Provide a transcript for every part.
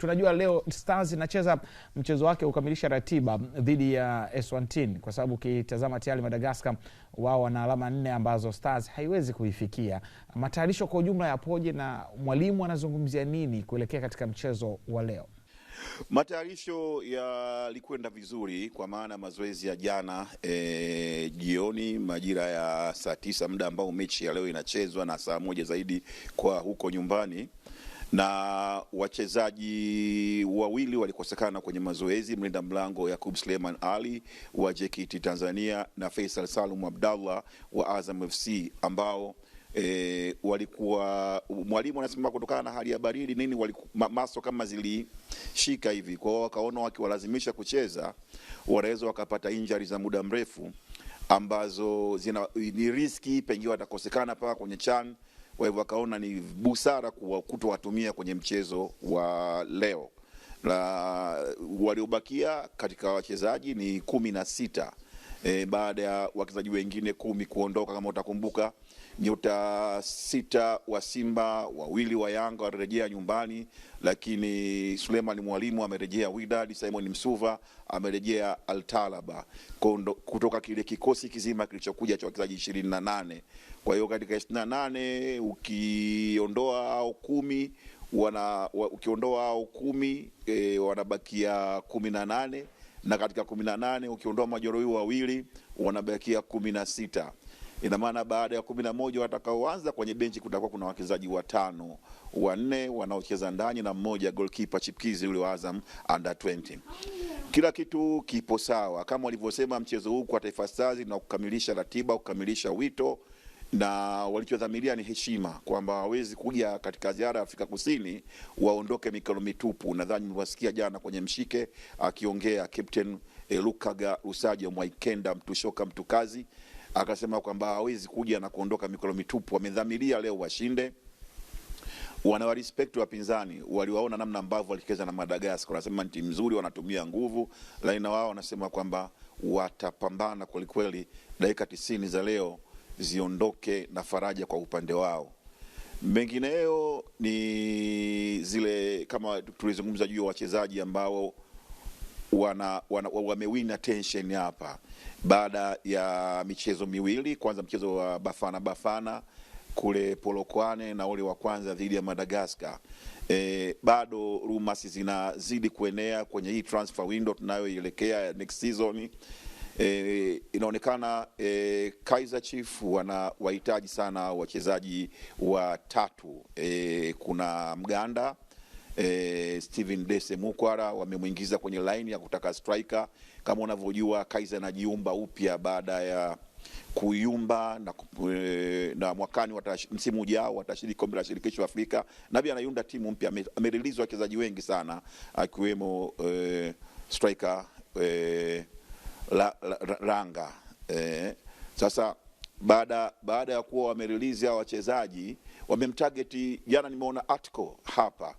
tunajua leo Stars inacheza mchezo wake kukamilisha ratiba dhidi ya Eswatini, kwa sababu ukitazama tayari Madagascar wao wana alama nne ambazo Stars haiwezi kuifikia. Matayarisho kwa ujumla yapoje na mwalimu anazungumzia nini kuelekea katika mchezo wa leo? Matayarisho yalikwenda vizuri kwa maana mazoezi ya jana e, jioni majira ya saa tisa, muda ambao mechi ya leo inachezwa na saa moja zaidi kwa huko nyumbani na wachezaji wawili walikosekana kwenye mazoezi, mlinda mlango Yakub Suleiman Ali wa JKT Tanzania na Faisal Salum Abdallah wa Azam FC ambao E, walikuwa mwalimu anasema kutokana na hali ya baridi nini waliku, maso kama zilishika hivi, kwa hiyo wakaona wakiwalazimisha kucheza wanaweza wakapata injury za muda mrefu ambazo zina, ni riski pengine watakosekana mpaka kwenye CHAN kwa hivyo akaona ni busara kutowatumia kwenye mchezo wa leo, na waliobakia katika wachezaji ni kumi na sita e, baada ya wachezaji wengine kumi kuondoka. Kama utakumbuka, nyota sita wa Simba, wawili wa Yanga walirejea nyumbani, lakini Suleiman Mwalimu amerejea Wydad, Simon Msuva amerejea altalaba Kondo, kutoka kile kikosi kizima kilichokuja cha wachezaji ishirini na nane. Kwa hiyo katika ishirini na nane ukiondoa au kumi wana, ukiondoa au kumi e, wanabakia kumi na nane na katika kumi na nane ukiondoa majeruhi wawili wanabakia kumi na sita. Ina maana baada ya kumi na moja watakaoanza kwenye benchi kutakuwa kuna wachezaji watano, wanne wanaocheza ndani na mmoja goalkeeper chipkizi yule wa Azam under 20. Kila kitu kipo sawa kama walivyosema, mchezo huu kwa Taifa Stars na kukamilisha ratiba, kukamilisha wito na walichodhamiria ni heshima, kwamba hawezi kuja katika ziara ya Afrika Kusini waondoke mikono mitupu. Nadhani mliwasikia jana kwenye Mshike akiongea Captain Lukaga Rusaja Mwaikenda Mtushoka Mtukazi akasema kwamba hawezi kuja na kuondoka mikono mitupu. Wamedhamiria leo washinde wana respect wapinzani, waliwaona namna ambavyo walicheza na Madagascar. Wanasema ni timu nzuri, wanatumia nguvu, lakini na wao wanasema kwamba watapambana kwelikweli. Dakika tisini za leo ziondoke na faraja kwa upande wao. Mengineyo ni zile kama tulizungumza juu ya wachezaji ambao wana, wana, hapa baada ya michezo miwili, kwanza mchezo wa Bafana Bafana kule Polokwane na ule wa kwanza dhidi ya Madagascar. E, bado rumors zinazidi kuenea kwenye hii transfer window tunayoielekea next season. E, inaonekana e, Kaizer Chiefs wana wahitaji sana wachezaji watatu. E, eh, kuna Mganda e, Steven Dese Mukwara wamemwingiza kwenye laini ya kutaka striker. Kama unavyojua Kaizer anajiumba upya baada ya kuyumba na, na mwakani watash, msimu ujao watashiriki kombe la shirikisho Afrika na pia anaiunda timu mpya. Amerelease wachezaji wengi sana akiwemo e, striker e, la, la, Ranga eh. Sasa baada baada ya kuwa wamerelease hao wachezaji wamemtarget jana nimeona article hapa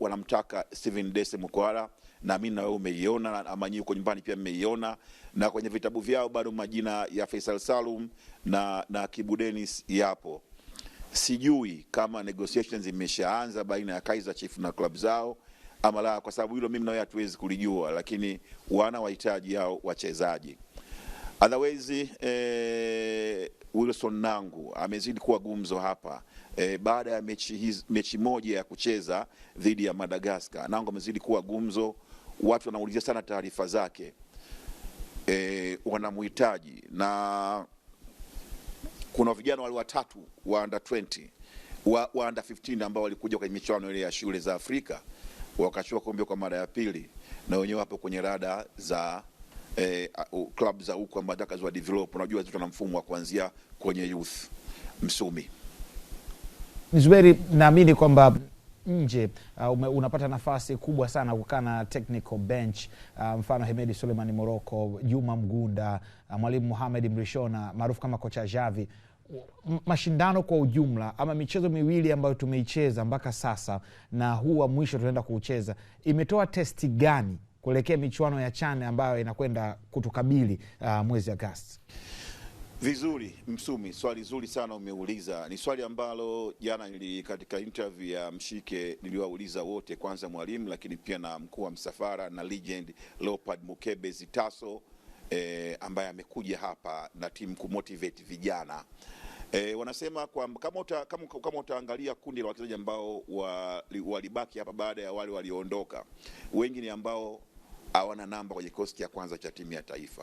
wanamtaka Steven Dese Mukwala na mimi na wewe umeiona, ama nyinyi uko nyumbani pia mmeiona, na kwenye vitabu vyao bado majina ya Faisal Salum na, na Kibu Dennis yapo. Sijui kama negotiations imeshaanza baina ya Kaizer Chiefs na klabu zao ama la, kwa sababu hilo mimi wewe hatuwezi kulijua, lakini wana wahitaji hao wachezaji. Otherwise eh, Wilson Nangu amezidi kuwa gumzo hapa e, baada ya mechi, hiz, mechi moja ya kucheza dhidi ya Madagascar. Nangu amezidi kuwa gumzo, watu wanaulizia sana taarifa zake e, wanamhitaji na kuna vijana wale watatu wa under 20 wa, wa under 15 ambao walikuja kwenye michuano ile ya shule za Afrika wakachukua kombe kwa mara ya pili, na wenyewe wapo kwenye rada za eh, club za huko ambazo nataka ziwa develop. Unajua na mfumo wa kuanzia kwenye youth. Msumi Zuberi, naamini kwamba nje uh, ume, unapata nafasi kubwa sana kukaa na technical bench uh, mfano Hemedi Suleiman Moroko, Juma Mgunda, uh, Mwalimu Muhamed Mrishona maarufu kama kocha Javi mashindano kwa ujumla ama michezo miwili ambayo tumeicheza mpaka sasa na huu wa mwisho tunaenda kuucheza imetoa testi gani kuelekea michuano ya chane ambayo inakwenda kutukabili uh, mwezi agasti Vizuri Msumi, swali zuri sana umeuliza. Ni swali ambalo jana nili katika interview ya Mshike niliwauliza wote, kwanza mwalimu, lakini pia na mkuu wa msafara na legend Leopard Mukebe Zitaso eh, ambaye amekuja hapa na timu kumotivate vijana E, wanasema kwa, kama, uta, kama, kama utaangalia kundi la wachezaji ambao walibaki hapa baada ya wale walioondoka, wengi ni ambao hawana namba kwenye kikosi cha kwanza cha timu ya taifa.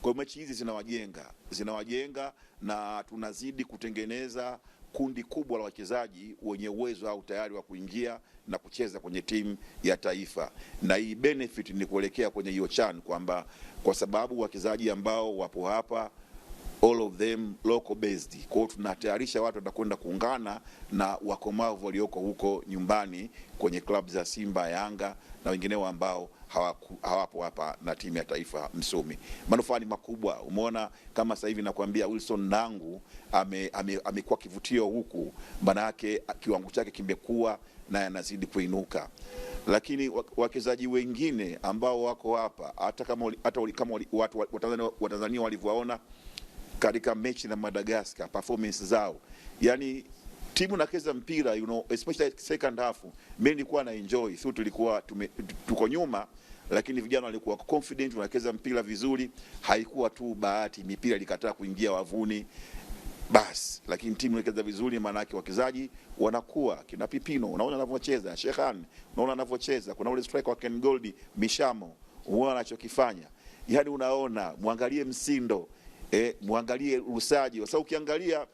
Kwa hiyo mechi hizi zinawajenga, zinawajenga na tunazidi kutengeneza kundi kubwa la wachezaji wenye uwezo au tayari wa kuingia na kucheza kwenye timu ya taifa, na hii benefit ni kuelekea kwenye hiyo CHAN kwamba kwa sababu wachezaji ambao wapo hapa all of them local based. Kwa hiyo tunatayarisha watu watakwenda kuungana na wakomavu walioko huko nyumbani kwenye klabu za Simba, Yanga na wengineo ambao hawaku, hawapo hapa na timu ya taifa Msumi. Manufaa ni makubwa. Umeona kama sasa hivi nakwambia Wilson Nangu amekuwa ame, ame kivutio huku, maana yake kiwango chake kimekuwa na yanazidi kuinuka, lakini wachezaji wengine ambao wako hapa hata kama, hata kama watu Watanzania walivyowaona katika mechi na Madagascar, performance zao, yani timu nacheza mpira you know, especially second half, mimi nilikuwa na enjoy sio, tulikuwa tume, tuko nyuma lakini vijana walikuwa confident, wanacheza mpira vizuri. Haikuwa tu bahati, mipira ilikataa kuingia wavuni basi, lakini timu ilicheza vizuri, maana yake wachezaji wanakuwa kina Pipino, unaona anavyocheza Shehan, unaona anavyocheza kuna ule striker wa Ken Gold Mishamo, unaona anachokifanya, yani unaona, mwangalie msindo e, eh, mwangalie rusaji, kwa sababu ukiangalia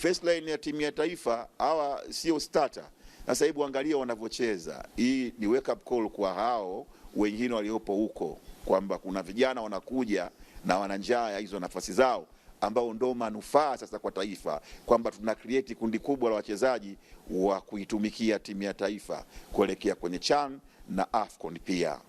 first line ya timu ya taifa hawa sio starter. Sasa hebu angalia wanavyocheza, hii ni wake up call kwa hao wengine waliopo huko kwamba kuna vijana wanakuja na wana njaa ya hizo nafasi zao ambao ndo manufaa sasa kwa taifa, kwamba tuna create kundi kubwa la wachezaji wa kuitumikia timu ya taifa kuelekea kwenye CHAN na AFCON pia.